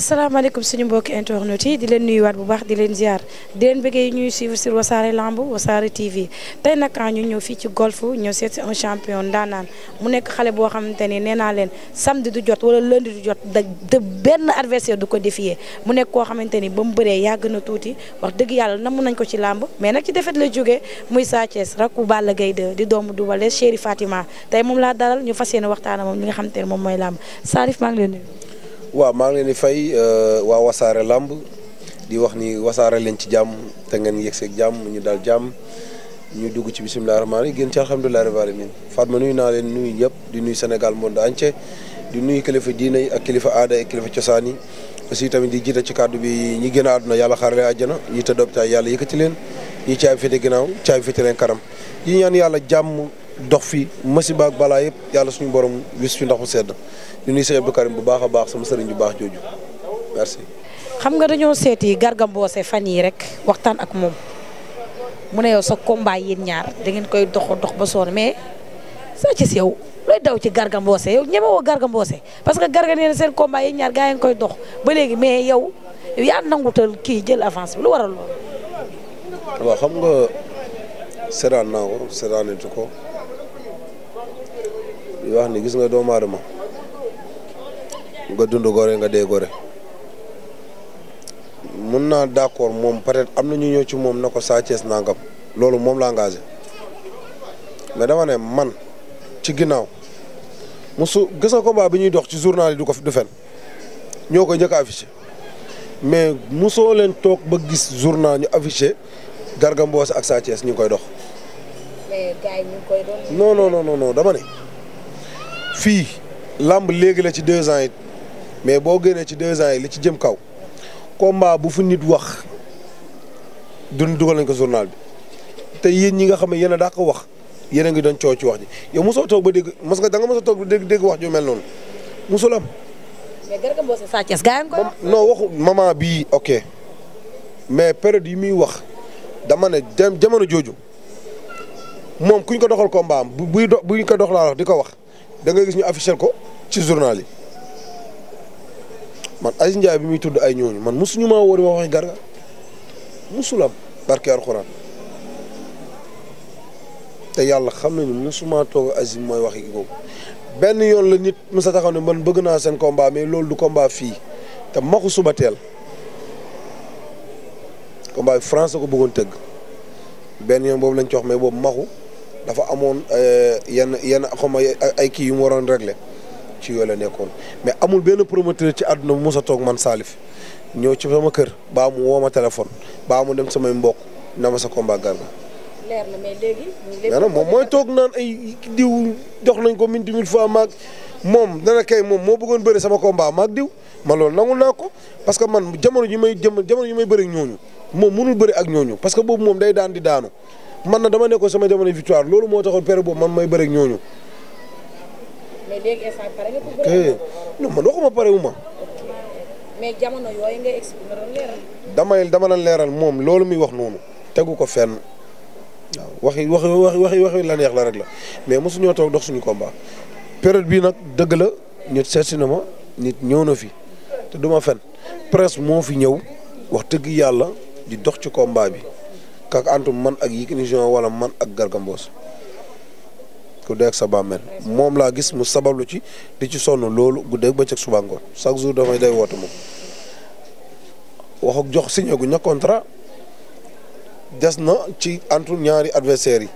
asalaamaaleykum suñu mbokki internet yi di leen nuyuwaat bu baax di leen ziar di leen bëggee yi ñuy suivre sur wasaare lamb wasaare TV tey nag ah, ñu ñëw fii ci golf ñëw seet si un champion ndaanaan mu nekk xale boo xamante ni nee naa leen samedi du jot wala lundi du jot da de benn adversaire du ko défier mu nekk koo xamante ni ba mu bëree yàgg na tuuti wax dëgg yàlla namm nañ ko ci làmb mais nag ci defet la jógee muy Sa Thiès rakku Balla Gaye 2 di doomu Double Less Chéri Fatima tey moom laa ñu fas yéene waxtaan moom moom mooy làmb Sarif maa ngi leen nuyu waaw maa ngi leen di fay euh, waa wasaare làmb di wax ni wasaare leen ci jàmm te ngeen yegseeg jàmm ñu daal jàmm ñu dugg ci bisimilah rahmaani rahiim génn ci alhamdulilah rabbil alamin Fatma nuyu naa leen nuyu ñëpp di nuy senegal monde entier di nuyu kilifa diine yi ak kilifa aada ak kilifa cosaan yi aussi tamit di jiite ci kàddu bi ñi gën a àdduna yàlla xaarale àjjana ñi tëdd opitaal yàlla yëkkati leen ñi caabi fete ginnaaw caabi fete leen kanam yi ñaan dox fi masiba ak balaa yëpp yàlla suñu borom wis fi ndaxu sedd ñu nuy sëñ Abdou bu baax a baax sama sëriñ bu baax jooju merci. xam nga dañoo seeti Garga Mbossé fan yii rek waxtaan ak moom mu ne yow sa combat yéen ñaar da ngeen koy dox dox ba sonn mais saa ci yow looy daw ci Garga Mbossé yow ñeme woo Garga parce que Garga nee na seen ñaar gaa ngi koy dox ba léegi mais yow yaa nangutal kii jël avance bi lu waral loolu. waaw xam nga seddaan naa ko seddaanitu ko. di wax ni gis nga doomu aadama nga dund gore nga dee gore mun naa d'accord moom peut-être am na ñu ñëw ci moom na ko Sa Thiès nangam loolu moom la engagé mais dama ne man ci ginnaaw musu gis nga combat bi ñuy dox ci journal yi du ko du fen ñoo koy njëkk a affiché mais musoo leen toog ba gis journal ñu affiché Garga Mbossé ak Sa ñu ngi koy dox. mais gars yi dama ne. fii làmb léegi la ci deux ans mais boo génnee ci deux ans yi li ci jëm kaw combat bu fu nit wax dun dugal nañ ko journal bi te yéen ñi nga xam ne yéen daa ko wax yéen a ngi doon coow ci wax ji yow mosoo toog ba dégg mos nga da nga mosoo toog ba dégg dégg wax ju mel noonu mosul am. mais Garga Mbossé Sa waxu maman bi ok mais période yi muy wax dama ne dem jamono jooju moom kuñ ko doxal combat am bu buy do buñ ko doxalaa wax di ko wax. da ngay gis ñu affiché ko ci journal yi man Aziz Ndiaye bi muy tudd ay ñooñu man mosuñu maa woo di wax waxi Garga mosul am barke alxuraan te yàlla xam nañu mosuma toog Aziz mooy waxi kooku benn yoon la nit mos a taxaw ne man bëgg naa seen combat mais loolu du combat fii te maxu suba teel combat bi France ko bëggoon tëgg benn yoon boobu lañ ci wax mais boobu maxu. dafa amoon euh, yenn yenn xawma ay kii yu mu waroon régler ci yooyu la nekkoon mais amul benn promoteur ci àdduna bu mos a toog man Salif ñëw ci sama kër baa mu woo ma téléphone baa mu dem samay mbokk na ma sa combat Garga. leer na mais moom mooy toog naan ay diw jox nañ ko minti mille fois maag moom dana kay moom moo bëggoon bëri sama combat maag diw man loolu nangu naa ko parce que man jamono ji may jamono yi may bëri ak ñooñu moom mënul bëri ak ñooñu parce que boobu moom day daan di daanu. man na dama nekkoon sama jamono victoire loolu moo taxoon période boobu man may bëre ak ñooñu. Eh, ma. damay dama la leeral moom loolu muy wax noonu tegu ko fenn waaw waxi waxi waxi waxi la neex la rek la mais mosu ñoo toog dox suñu komba période bii nag dëgg la nit seet na ma nit ñëw na fi te duma fen presse moo fi ñëw wax dëgg yàlla di dox ci combat bi. kak antum man ak Yékini Junior wala man ak Garga Mbossé ku dee ak sa bàmmeel moom laa gis mu sabablu ci di ci sonn loolu guddeeg bëccëg suba ngoon chaque jour dafay day woote moom wax jox signé gu ña contrat des na ci antu ñaari adversaires yi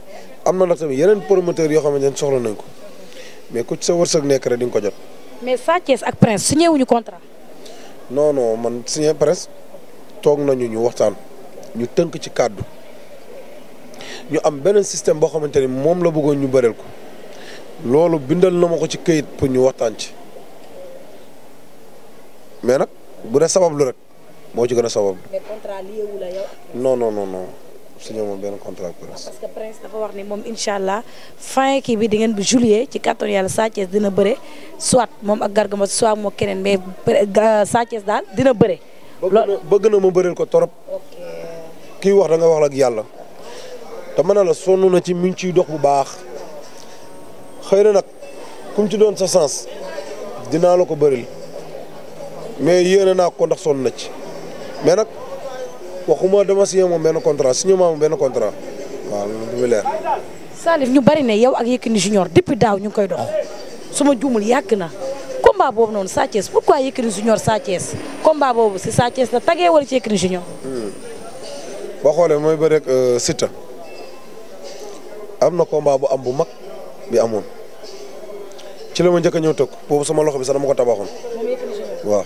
am na nag tamit yeneen promoteurs yoo xamante ne soxla nañ ko mais ku ci sa wërsëg nekk rek di ko jot. mais Sa Thiès ak Prince signé contrat. non non man signé Prince toog nañu ñu waxtaan ñu tënk ci kàddu. ñu am beneen système boo xamante ni moom la bëggoon ñu bëreel ko loolu bindal na ma ko ci kayit pour ñu waxtaan ci mais nag bu dee sabablu rek moo ci gën a sabablu. mais contrat lié wu la yow. non non prince dafa wax ni moom incha allah fin kii bi di ngeen bu juillet ci kàttanu yàlla Sa dina bëre soit moom ak Garga Mbossé moo keneen mais Sa Thiès daal dina bëre. loolu bëgg na ma bëreel ko torop. kii wax da nga wax ak yàlla. te mën na la sonn na ci mi ciy dox bu baax xëy na nag kum ci doon sa sens dinaa la ko bëril mais yéene naa ko ndax sonn na ci mais nag waxuma dama signé moom benn contra signé moom benn contra waaw loolu du Salif ñu bari ne yow ak Yékini Junior depuis daaw ñu ngi koy dox suma ma juumul yàgg na combat boobu noonu Sa Thiès pourquoi Yékini Junior Sa Thiès combat boobu si Sa Thiès la tagee wala ci Yékini Junior. Hmm. boo xoolee mooy bëri rek euh, Siteu am na combat bu am bu mag bi amoon ci la ma njëkk a ñëw tëkk boobu sama loxo bi sax dama ko tabaxoon waaw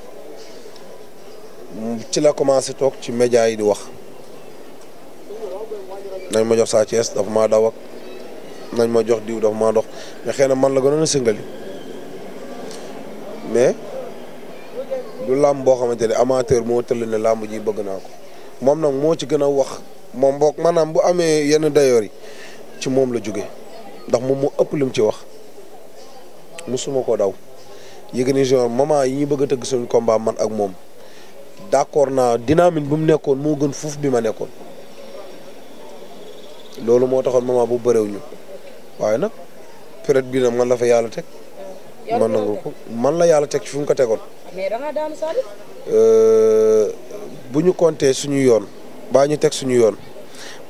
ci la commencé toog ci média yi di wax nañ ma jox Sa Thiès dafa maa daw nañ ma jox diw dafa maa dox mais xëy na man la gënoon a singali mais du làmb boo xamante ne amateur moo tëll ne làmb ji bëgg naa ko moom nag moo ci gën a wax moom boog maanaam bu amee yenn dayoor yi ci moom la jóge ndax moom mu ëpp lim ci wax musuma ko daw Yékini genre moment yi ñu bëgg a tëgg suñu man ak moom d'accord naa dynamique bu mu nekkoon moo gën fuuf bi ma nekkoon loolu moo taxoon moment bu bëreew waaye nag période bii nag man la fa yàlla teg. man nangu ko man la yàlla teg ci fu mu ko tegoon. mais da nga euh, bu ñu compter suñu yoon. baa ñu teg suñu yoon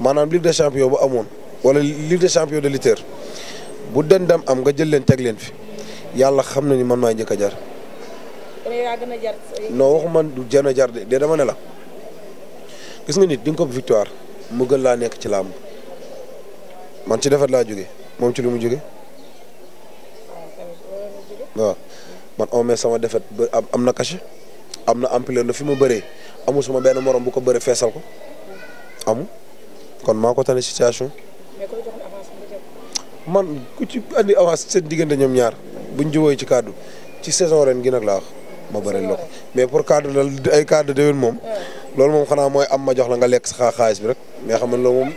maanaam Ligue des champions bu amoon. wala ligue des champions de lutteur bu den dem am nga jël leen teg leen fi yàlla xam na ni man maa njëkk a jar. non man du gën a jar de de dama ne la gis nga nit di nga ko victoire mu gën laa nekk ci làmb man ci defet laa jóge moom ci lu mu jóge waaw man omee sama defet ba am na cachet am na ampleur na fi mu bëree amul suma benn moroom bu ko bëree feesal ko amul kon maa ko tane situation man ku ci andi avance seen diggante ñoom ñaar buñ jubóoy ci kaddu ci saison ren gi nag laa ma bëri la mais pour kaddu la ay kaddu déwén moom loolu moom xanaa mooy am ma jox la nga lekk sa xaalis bi rek mais xam nga loolu moom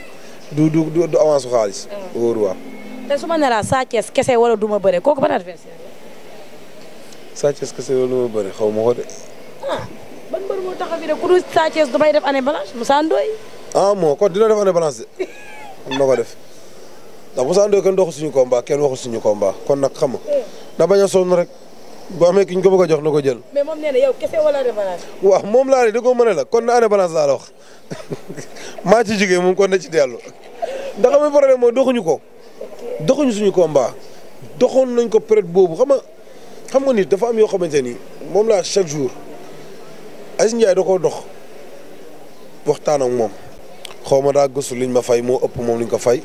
du avance su xaalis. wóoru waa. te su ma nee laa Sa Thiès kese wala du ma bëre kooku ban adversaire la. Sa Thiès du ma bëre xaw ma ah, def année balance Moussa Ndoye. ah moo ko dina def année balance de. am na ko def ndax bu saa andoo kenn doxu suñu combat kenn waxu suñu combat kon nag xam nga na bañ a sonn rek boo amee ki ñu ko bëgg a jox na ko jël. mais moom nee na yow moom laa da koo mën la kon na année balance maa ci jugee moom kon na ci dellu ndax amul problème mooy doxuñu ko doxuñu suñu combat doxoon nañ ko période boobu xam nga xam nga nit dafa am yoo xamante ni moom laa chaque jour Aziz Ndiaye da koo dox waxtaan moom. xaw ma daa gëstu liñ ma fay moo ëpp moom liñ ko fay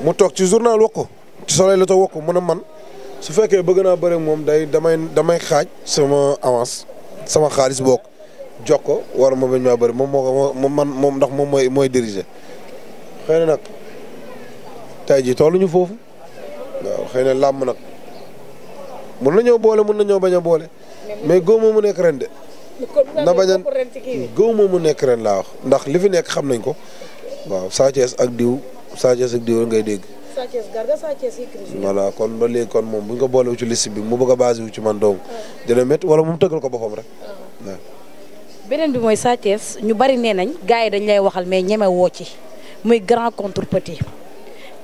mu toog ci journal wax ko ci soleil la toog wax ko mu man su fekkee bëgg naa bëri moom day damay damay xaaj sama avance sama xaalis book jox ko war ma bañ maa bëri moo ko man moom ndax moom mooy mooy diriger xëy na nag tey jii ñu foofu waaw xëy na làmb nag mun na ñëw boole mun na ñëw bañ a boole mais góob mu nekk ren de na bañ a gëw mu nekk ren laa wax ndax li fi nekk xam nañ ko waaw Sa ak diw Sa Thiès ak diw rek ngay dégg. Sa Thiès Garga kon ba léegi kon moom bu ñu ko boolewu ci bi mu bëgg a basé wu ci man dong. Ah. dina métti wala mu tëggal ko boppam rek. Ah. beneen bi mooy Sa ñu bari nee nañ gars yi dañ lay waxal mais ñeme woo ci muy grand contre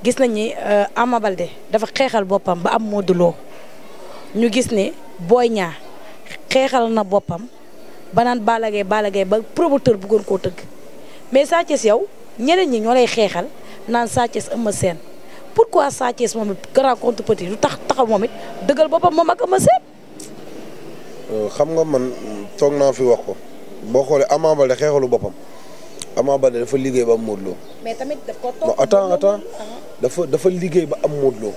gis nañ ni euh, Ama Baldé dafa xeexal boppam ba am Modou Lo ñu gis ne booy Niang xeexal na boppam. ba naan Balla Gaye Balla Gaye ba promoteur bëggoon koo tëgg mais Sa Thiès yow ñeneen ñi ñoo lay xeexal naan Sa Thiès Eumeu Sène pourquoi Sa Thiès moom it grand contre petit lu tax taxaw moom it dëggal boppam moom ak Eumeu Sène. Euh, xam nga man toog naa fi wax ko boo xoolee Ama Baldé xeexalu boppam Ama Baldé dafa liggéey ba am Modou Lo. mais tamit daf ko toog attends ah. dafa dafa liggéey ba am Modou Lo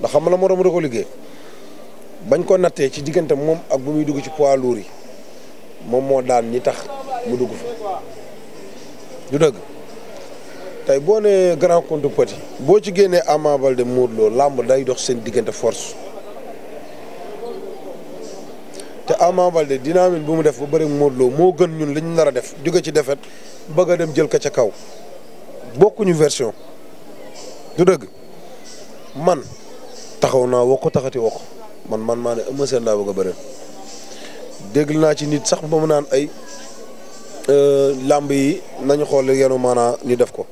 ndax xam nga la moo doon da liggéey bañ ko nattee ci diggante moom ak bu muy dugg ci poids lourd yi. moom moo daan ñi tax mu dugg fa du dëgg tey boo nee grand contre petit boo ci génnee Ama Baldé Modou làmb day dox seen diggante force te Ama Baldé dynamique bu mu def bu bari Modou moo gën ñun li ñu a def jóge ci defet bëgg a dem jël ko ca kaw bokkuñu version du dëgg man taxaw naa woo ko taxati woo ko man man maa ne Eumeu Sène laa bëgg a bëri dégg naa ci nit sax ba mu naan ay euh, làmb yi nañu xool yenu mana ñu def ko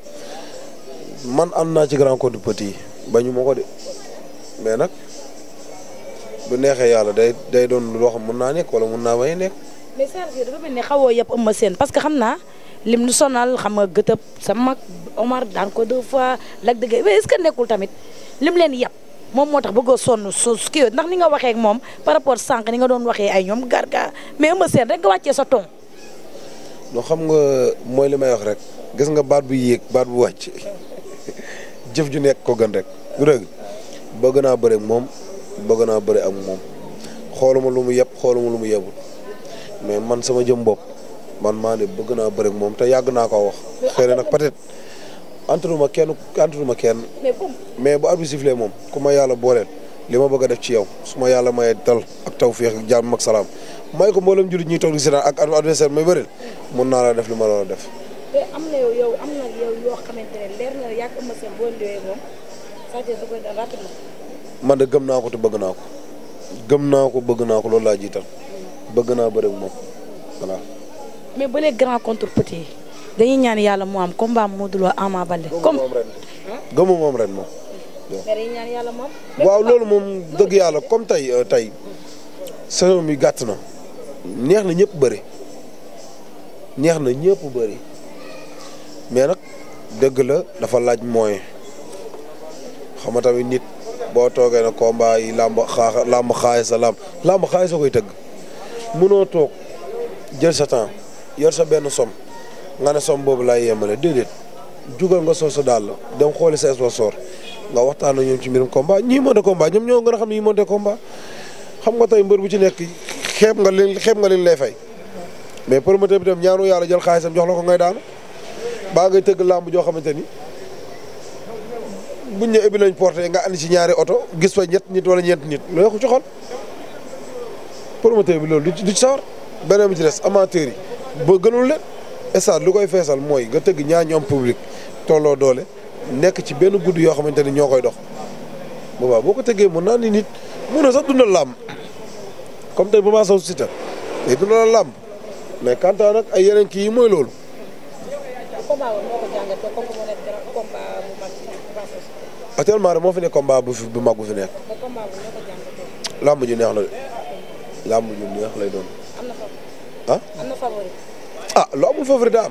man am naa ci grand compte petit yi bañu ma ko de mais nag bu neexee yàlla day day doon loo mun naa nekk wala mun naa bañ a nekk. mais Sarr dafa mel ni xawoo yëpp ëmb seen parce que xam naa lim nu sonal xam nga gëtëb sa mag Omar daan ko fois lag dëgg est-ce que nekkul tamit lim leen yàpp. moom moo tax bëggoo sonn su kii ndax ni nga waxee moom par rapport sànq ni nga doon waxee ay ñoom garga mais Eumeu Sène rek nga wàccee sa ton. non xam nga mooy li may wax rek gis nga baat bu yëg baat bu wàcc jëf ju nekk ko gën rek du dëgg bëgg naa bëri moom bëgg naa bëri ak moom xooluma lu mu yeb xooluma lu mu yebul mais man sama jëm bopp man maa ne bëgg naa bëri moom te yàgg naa koo wax xëy na nag peut-être. entraînuma kenn entraînuma kenn. mais bu arbitre sifflé moom ku ma yàlla booleel li ma bëgg a def ci yow su ma yàlla mayee tal ak tawféex ak jàmm ak salaam may ko mboolem jullit ñuy toog di seetaan ak adversaire may bëril mun naa la def li ma la def. ma seen boo ñëwee man de gëm naa ko te bëgg naa ko gëm naa ko bëgg naa ko loolu laa jiital bëgg naa bëri ak moom voilà. mais ba grand contre petit. dañuy ñaan yàlla mu am combat Modou Lo Ama Baldé. comme gëmu moom ren moom. waaw loolu moom dëgg yàlla comme tey euh, tey saison bi gàtt na neex na ñëpp bëri neex na ñëpp bëri mais nag dëgg la dafa laaj mooy xam nga tamit nit boo toogee na combat yi làmb xaa làmb xaalis sa làmb làmb xaalis koy tëgg mënoo toog jël sa temps yor sa benn som nga ne som boobu laay yemale déedéet jugal nga sol sa dàll dem xooli sa sponsor nga waxtaan ak ñoom ci mbirum combat ñii monté combat ñoom ñoo gën a xam ne ñii monté xam nga tey mbër bu ci nekk xeeb nga leen xeeb nga leen lay fay mais promoteur bi tam ñaanu yàlla jël xaalisam jox la ko ngay daanu baa ngay tëgg làmb joo xamante ni buñ ne ubbi lañ porté nga andi ci ñaari oto gis fa ñett nit wala ñeent nit loolu ko ci xol promoteur bi loolu du ci sawar beneen bi ci des amateurs yi ba gënul leen stade lu koy feesal mooy nga tëgg ñaar ñoom am public tolloo doole nekk ci benn guddi yoo xamante ni ñoo koy dox boobaa boo ko tëggee mën nit mën na sax dundal làmb comme tey Papa Sow Siteu day dundal làmb mais quant à yeneen kii mooy loolu. actuellement moo fi ne combat bu fi bu mag bu fi nekk. neex la de. làmb ju lay doon. ah. ah lu amul favori am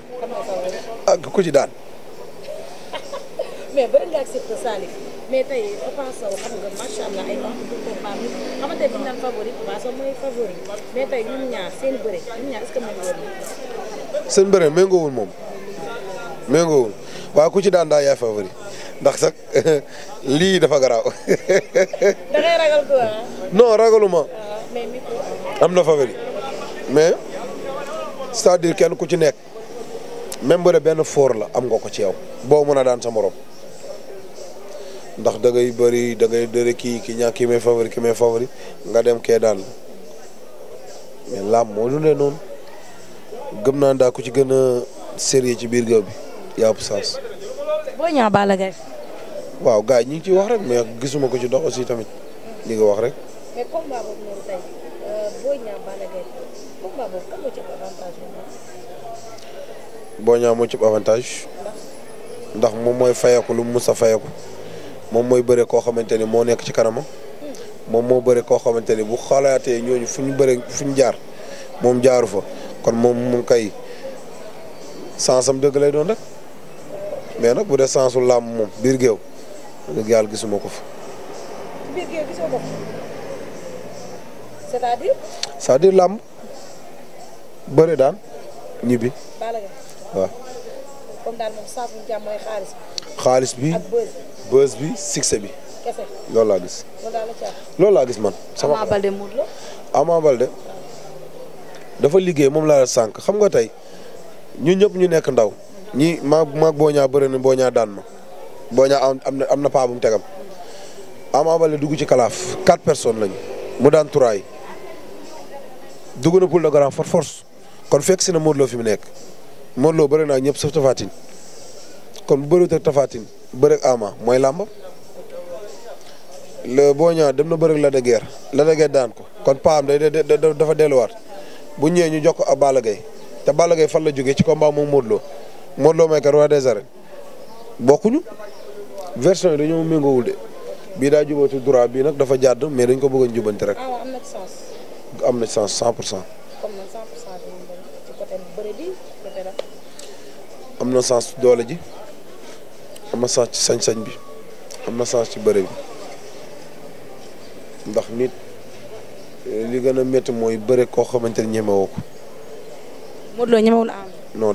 ak ku ci daan. mais bëri nga seen bëre ñun ñaar est-ce que méngoowul. seen bëre moom méngoowul waaw ku ci daan daa yaay favori ndax sax lii dafa garaaw. da non ragaluma. Ah, am na favori mais. cest à kenn ku ci nekk même bu benn foor la am nga ko ci yow boo mën a daan sa moroom ndax da ngay bëri da ngay kii ki ñaa ki may favori ki may favori nga dem ke daal mais laam moo lu ne noonu gëm naa daa ku ci gën a sérieux ci biir géew bi yaa saas boo ñaa Balla waaw gars yi ñu ngi ciy wax rek mais gisuma ko ci dox aussi tamit li nga wax rek. boo ñaaw moo ci avantage ndax moom mooy fayeku lu mu mus a moom mooy bëre koo xamante ni moo nekk ci kanama moom moo bëre koo xamante ni bu xalaatee ñooñu fu ñu bëre fu ñu jaar moom jaaru fa kon moom mu kay sansam dëgg lay doon rek mais nag bu dee sansu làmb moom biir géew dëgg yàlla gisuma ko fa. biir géew làmb. bëri daan ñibbi. waaw. xaalis bi. xaalis bi ak bës bi bës bi loolu laa gis. loolu laa gis loolu man. sama Ama Balde Modou Lo. dafa liggéey moom laa la sànq xam nga tey ñu ñëpp ñu nekk ndaw. ñi maag maag booñaa bëri na booñaa daan ma. booñaa am na am na paa bu mu tegam. Ama Balde dugg ci kalaaf quatre personnes lañu. mu daan turaay dugg na poule de grand force. kon fekk si na Modou fi mu nekk Modou Lo bëri naa ñëpp sauf Tapha kon bu bëriwut ak Tapha Tine mooy làmba le boo ñëwaat dem na bëri ak Lac de Guiers daan ko kon paam day dafa delluwaat bu ñëwee ñu jox ko ab Balla Gaye te Balla Gaye fan la jógee ci combat moom Modou Lo Modou Lo may kat des arènes bokkuñu version yi dañoo méngoowul de bii daa jubatu droit bii nag dafa jàdd mais dañ ko bëggoon jubanti rek. Ah, na sens. am pour cent. am na sens ci doole ji am na sens ci sañ-sañ bi am na sens ci bëre bi ndax nit li gën a metti mooy bëre koo xamante ne ñemewoo ko. Modou Lo ñemewul am. non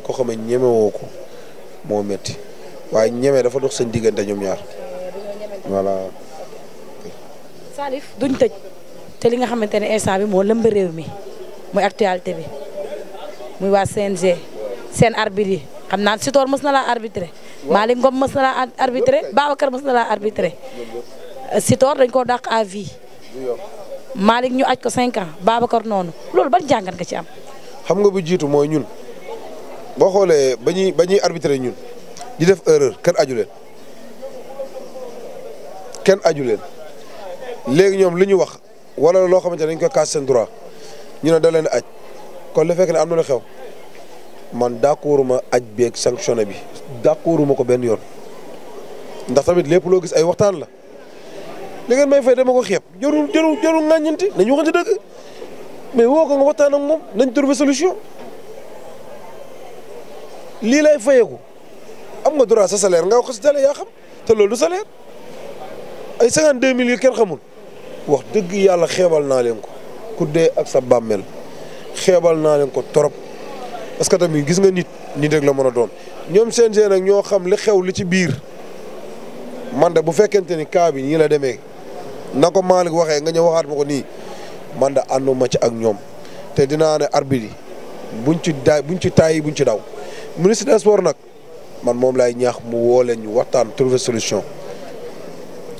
koo xam ne moo metti waaye ñeme dafa dox seen diggante ñoom ñaar voilà. duñ tëj te li nga xamante ne instant bi moo lëmb réew mi mooy actualité bi. muy waa CNG seen arbitre yi xam naa Sitor mës na laa arbitré Malick Ngom mës na laa arbitré Babacar mës na laa arbitré euh, Sitor dañ koo dàq à vie Malick ñu aj ko 5 ans Babacar noonu loolu ban jàngat nga ci am. xam nga bu jiitu mooy ñun boo xoolee ba ñuy ba ñuy ñun di def erreur kenn aju leen kenn aju leen léegi ñoom lu ñu wax wala loo xamante ne dañ koy casse seen droit ñu ne da leen aj kon lu fekk ne am na lu xew man d'accorduma aj beeg sanctionné bi d'accorduma ko benn yoon ndax tamit lépp loo gis ay waxtaan la li ngeen may fay dama ko xeeb jarul jarul jarul ŋàññanti nañu waxante dëgg mais woo ko nga waxtaan ak moom nañ trouver solution lii lay fayeeku am nga droit sa salaire nga wax ko si xam te loolu du salaire ay cinquante deux mille yi xamul wax dëgg yàlla xeebal naa leen ko ku dee ak sa bàmmeel xeebal naa leen ko trop parce que tamit gis nga nit nit rek la mën a doon ñoom CNG nag ñoo xam li xew li ci biir man de bu fekkente ni cas bi nii la demee na ko Malick waxee nga ñëw waxaat ma ko nii man de ànduma ci ak ñoom te dinaa ne arbitre yi buñ ci daay buñ ci taay buñ ci daw ministre des sports nag man moom lay ñaax mu woo ñu waxtaan trouver solution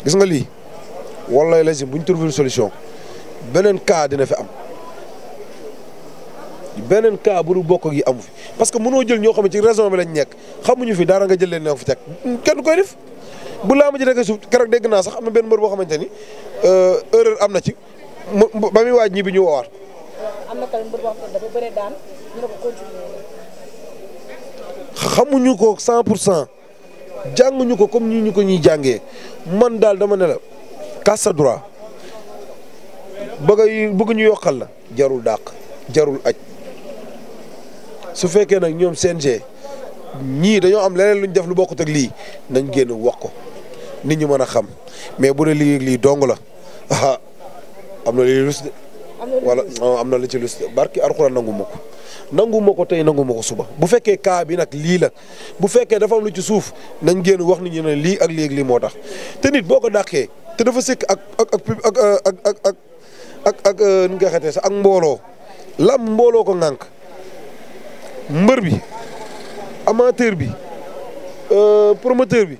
gis nga lii wallay la si buñ trouver solution beneen kaa dina fi am. beneen cas bu dul bokk ak amu fi parce que mënoo jël ñoo xam ne ci raison bi lañ nekk xamuñu fi dara nga jël leen ne fi teg kenn koy def bu laa ma ji rek suuf keroog dégg naa sax am na benn mbër boo xamante euh, am na ci ba muy waaj ñi bi ñu woowaat. am na tamit mbër boo xamuñu ko 100 pour cent jànguñu ko comme ñi ñu ko ñuy jàngee man daal dama ne la casse droit bëgg ñu yokkal la jarul dàq jarul aj su fekkee nag ñoom seen CNG ñii dañoo am leneen lu ñu def lu bokkut ak lii nañ génn wax ko nit ñu mën a xam mais bu dee lii lii dong la am na lii lus de. wala ah, am na lu ci lus de barki Alxuraan nangu ma nangu ma ko tey nangu ma ko suba bu fekkee cas bi nag lii la bu fekkee dafa am lu ci suuf nañ génn wax nit ñi ne lii ak lii ak lii moo tax te nit boo ko dàqee te dafa sëkk ak ak ak ak ak ak ak euh, sax ak mbooloo lam mbooloo ko ŋànk. mbër bi amateur bi euh, promoteur bi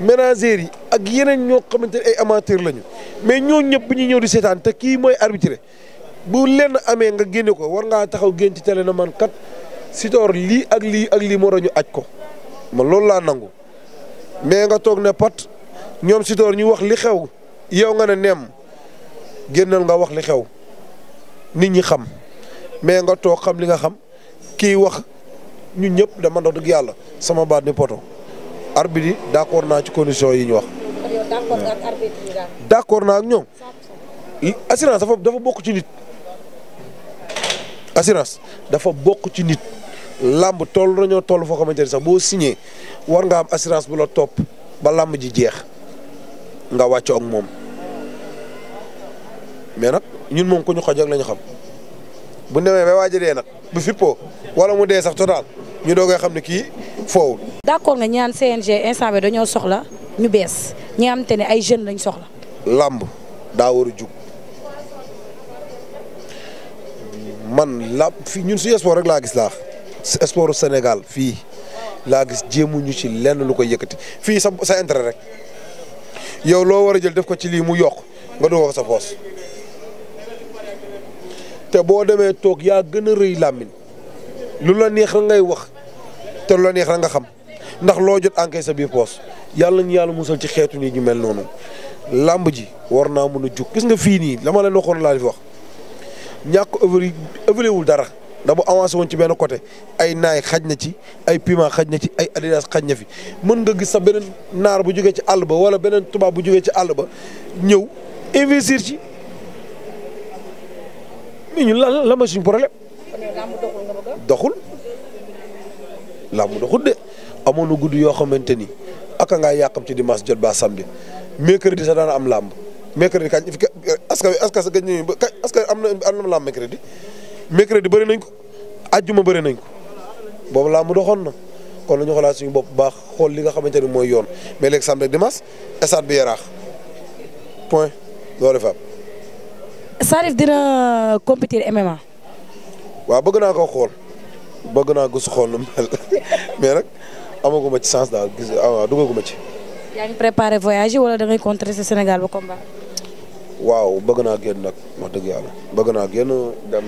ménagère yi ak yeneen ñoo xamante ne ay amateur lañu mais ñoo ñëpp bu ñu ñëw di seetaan te kii mooy arbitré bu lenn amee nga génne ko war ngaa taxaw génn ci télé na man kat Sitor lii ak lii ak lii moo doon ñu aj ko ma loolu laa nangu mais nga toog ne pat ñoom Sitor ñu wax li xew yow nga ne nem génnal nga wax li xew nit ñi xam mais nga toog xam li nga xam. kii wax ñu ñëpp dama dox dëgg yàlla sama baat ni poto arbitre yi d'accord naa ci condition yi ñu wax. d'accord naa ak ñoom. assurance dafa dafa bokk ci nit. assurance dafa bokk ci nit. làmb toll nañoo tollu foo xamante ne sax boo signé war nga am assurance bu la topp ba làmb ji jeex nga wàccoo moom mais nag ñun moom ku ñu xoj ak xam bu ñu demee ba waaj dee nag bu fippoo wala mu dee sax total ñu doog a xam ne kii foowul. d'accord nga ñaan CNG instant bi dañoo soxla ñu bees ñi nga ne ay jeunes lañ soxla. làmb daa war a jug man la fii ñun suñu sport rek laa gis laa sportu Sénégal fii laa gis jéem ñu ci lenn lu koy yëkkati fii sa sa intérêt rek yow loo war a jël def ko ci lii mu yokk nga dugal ko sa poos te boo demee toog yaa gën a rëy làmmiñ lu la neex rek ngay wax te lu neex rek nga xam ndax loo jot ankay sa biir poos yàlla ñu yàlla musal ci xeetu nit ñu mel noonu làmb ji war naa mën a jóg gis nga fii nii dama leen waxoon laa di wax ñàkk ëvëri ëvëri wul dara dama avancé woon ci benn côté ay naay xaj na ci ay piment xaj na ci ay adidas xaj na fi mën nga gis sa beneen naar bu jógee ci àll ba wala beneen tubaab bu jógee ci àll ba ñëw investir ci mais ñun lan la ma suñ problème. doxul làmb doxul de amoon na gudd yoo xamante ni aka ngaa yàqam ci dimanche jot ba samedi mercredi sax daan am làmb mercredi kañ fi askan wi askan askan am na am na làmb mercredi mercredi bëri nañ ko àjjuma bëri nañ ko boobu làmb doxoon na kon nañu xoolaat suñu bopp baax xool li nga xamante ni mooy yoon mais léegi samedi ak dimanche stade bi yaraax point loolu fa am. Sarif dina compétir MMA. waa bëgg naa ko xool bëgg naa ko su xool mel mais nag amaguma ci chance daal gis ah waaw duggaguma ci. yaa voyage yi wala da ngay contrer sa Sénégal ba combat. waaw bëgg naa génn nag wax dëgg yàlla bëgg naa génn dem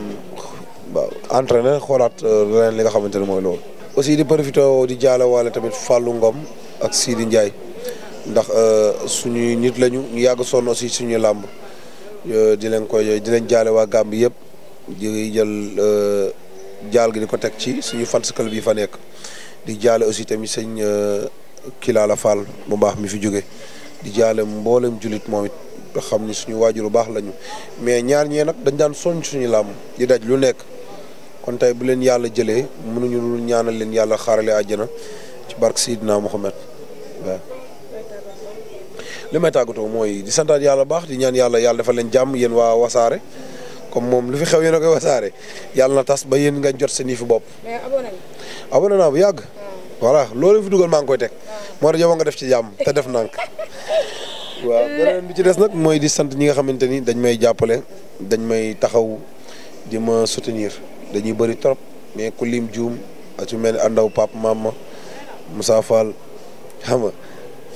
waaw entraîner xoolaat euh, leneen li nga xamante ne mooy loolu. aussi di profité di jaale waale tamit Fallou ngoom ak siidi Ndiaye ndax euh, suñuy nit lañu ñu yàgg soon aussi suñuy làmb di leen koy di leen jaale waa Gambie yëpp. di jël euh, jaal gi di ko teg ci suñu fans club yi fa nekk di jaale aussi tamit sëñ euh, Kilaala Fall bu baax mi fi jóge di jaale mboolem jullit moom it xam ni suñu waajur baax lañu mais ñaar ñee nag dañ daan soñ suñu làmb di daj lu nekk kon tey bu leen yàlla jëlee mënuñu lu ñaanal leen yàlla xaarale àjjana ci barke Seydina Mohamed waaw li may tàggatoo mooy di santaat yàlla baax di ñaan yàlla yàlla dafa leen jàmm yéen waa wasaare comme moom lu fi xew yéen a koy wasaare yàlla na tas ba yéen nga jot seen yëfu bopp. mais na. naa bu yàgg. Ah. voilà loolu fi dugal maa ngi koy teg. Ah. moo tax yow nga def ci jàmm te def nànk waaw beneen ci des nag mooy di sant ñi nga xamante ni dañ may jàppale dañ may taxaw di ma soutenir dañuy bëri trop mais ku lim juum su mel ni àndaw maam ma Moussa Fall xam nga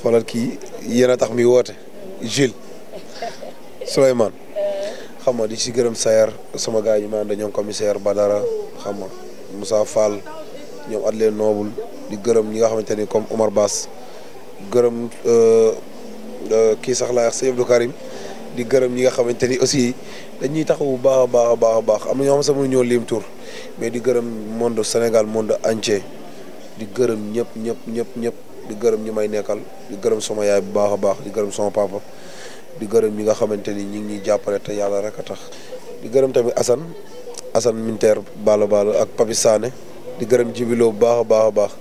xoolal kii yéen a tax mi woote Jules Souleymane. Eh. xam nga di si gërëm Sayer sama gars yi ma ànd ñoom commissaire dara xam nga Moussa Fall ñoom Adlé Noble di gërëm ñi nga xamante ni comme Omar Bass gërëm euh, euh, kii sax laa wax sëñ Abdou di gërëm ñi nga xamante ni aussi dañuy taxaw bu baax a baax a baax am na ñoo xam sax mu ñëw lim tur mais di gërëm monde Sénégal monde entier di gërëm ñëpp ñëpp ñëpp ñëpp di gërëm ñi may nekkal di gërëm sama yaay bu baax a baax di gërëm sama papa. di gërëm ñi nga xamante ni ñi ngi ñuy jàppale te yàlla rek a tax di gërëm tamit Assane Assane Minter Bala Bala ak Papi Sané di gërëm Jibilo bu baax a baax a baax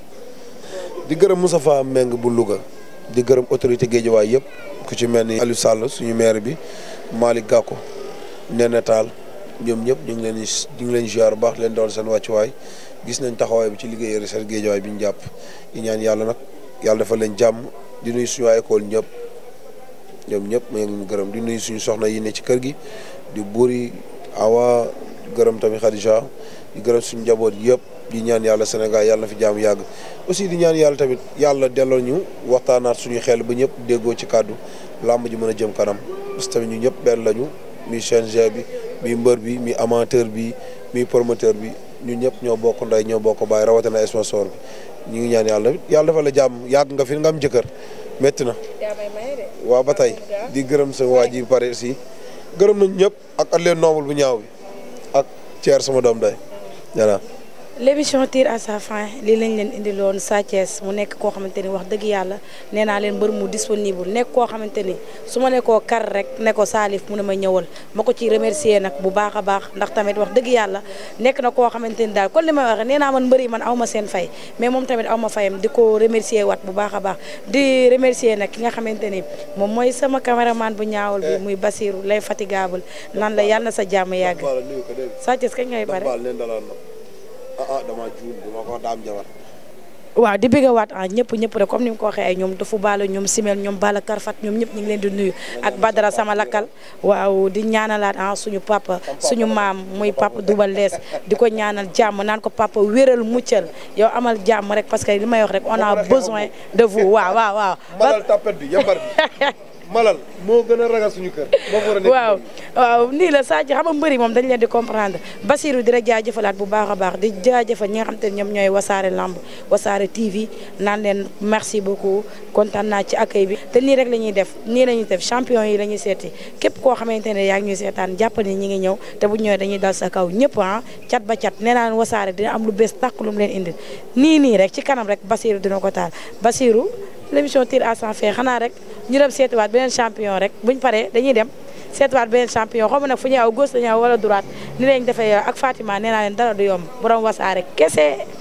di gërëm Moussa Fa Meng bu Louga di gërëm autorité Guédiawaay yëpp ku ci mel ni Aliou Sall suñu maire bi maali Gakou Néné Tall ñoom ñëpp ñu ngi leen ñu ngi leen ziar baax leen dool seen wàccuwaay gis nañ taxawaay bi ci liggéey recherche Guédiawaay bi ñu jàpp di ñaan yàlla nag yàlla dafa leen jàmm di nuyu suñu waa école ñëpp ñoom ñëpp ma ngi gërëm di nuyu suñu soxna yi ne ci kër gi di buri awa gërëm tamit Khadija di gërëm suñu njaboot yëpp di ñaan yàlla Sénégal yàlla na fi jaamu yàgg aussi di ñaan yàlla tamit yàlla delloo ñu waxtaanaat suñu xel ba ñëpp déggoo ci kàddu làmb ji mën a jëm kanam ñu ñëpp benn lañu mi CNG bi mi mbër bi mi amateur bi mi promoteur bi ñu ñëpp ñoo bokk nday ñoo bokk baay rawatina sponsor bi ñu ngi ñaan yàlla yàlla dafa la jàmm yàgg nga fi nga am jëkkër métti na waaw ba tey di gërëm sa waa ji pare si gërëm nañ ñëpp ak at leen bu ñaaw bi ak ceer sama doom day voilà l'émission tire à sa fin lii lañ leen indiloon Sa Thiès mu nekk koo xamante ni wax dëgg yàlla nee naa leen mbër mu disponible nekk koo xamante ni su ma ne koo kar rek ne ko Salif mu ne ma ñëwal ma ko ci remercier nag bu baax a baax ndax tamit wax dëgg yàlla nekk na koo xamante ni daal kon li may waxee nee naa man mbëri man aw ma seen fay mais moom tamit aw ma fayam di ko remercier wat bu baax a baax di remercier nag ki nga xamante ni moom mooy sama caméraman bu ñaawul bi eh. muy Basirou lay fatigable naan la yàlla sa jàmm yàgg Sa Thiès kañ ah ah dama juum waaw di bëgg waat ah ñëpp ñëpp rek comme ni mu ko waxee ay ñoom dafu baala ñoom simel ñoom baala karfat ñoom ñëpp ñu leen di nuyu ak Badara sama lakkal waaw di ñaanalaat ah suñu papa suñu maam muy papa Double Less di ko ñaanal jàmm naan ko papa wéral muccal yow amal jàmm rek parce que li may wax rek on a besoin de vous waaw waaw waaw. malal moo gën a ragal suñu kër. waaw waaw nii la sa Sadji xam nga mbëri moom dañ leen di comprendre Basirou di jaa jaajëfalaat bu baax a baax di jaajëfal ñi nga xam te ne ñoom ñooy wasaare lamb wasaare TV naan leen merci beaucoup kontaan naa ci accueil bi. te nii rek la ñuy def nii la def champion yi la ñuy seeti képp koo xamante ne yaa ngi seetaan jàppal ni ñi ngi ñëw te bu ñëwee dañuy dal sa kaw ñëpp ah cat ba cat nee naa wasaare dina am lu bees tàq lu mu leen indi nii nii rek ci kanam rek Basirou dina ko taal Basirou l'émission tire à sa fin xanaa rek ñu dem beneen champion rek buñ paree dañuy dem seetiwaat beneen champion xaw ma fu ñu aw gauche aw wala droite ni lañ defee ak Fatima nee naa dara du yomb borom wasaare kese.